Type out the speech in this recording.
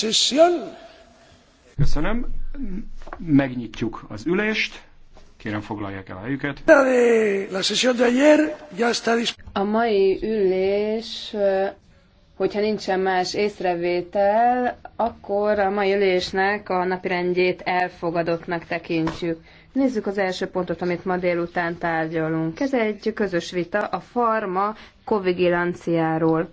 sesión. Köszönöm. Megnyitjuk az ülést. Kérem foglalják el a helyüket. A mai ülés, hogyha nincsen más észrevétel, akkor a mai ülésnek a napirendjét elfogadottnak tekintjük. Nézzük az első pontot, amit ma délután tárgyalunk. Ez egy közös vita a farma kovigilanciáról.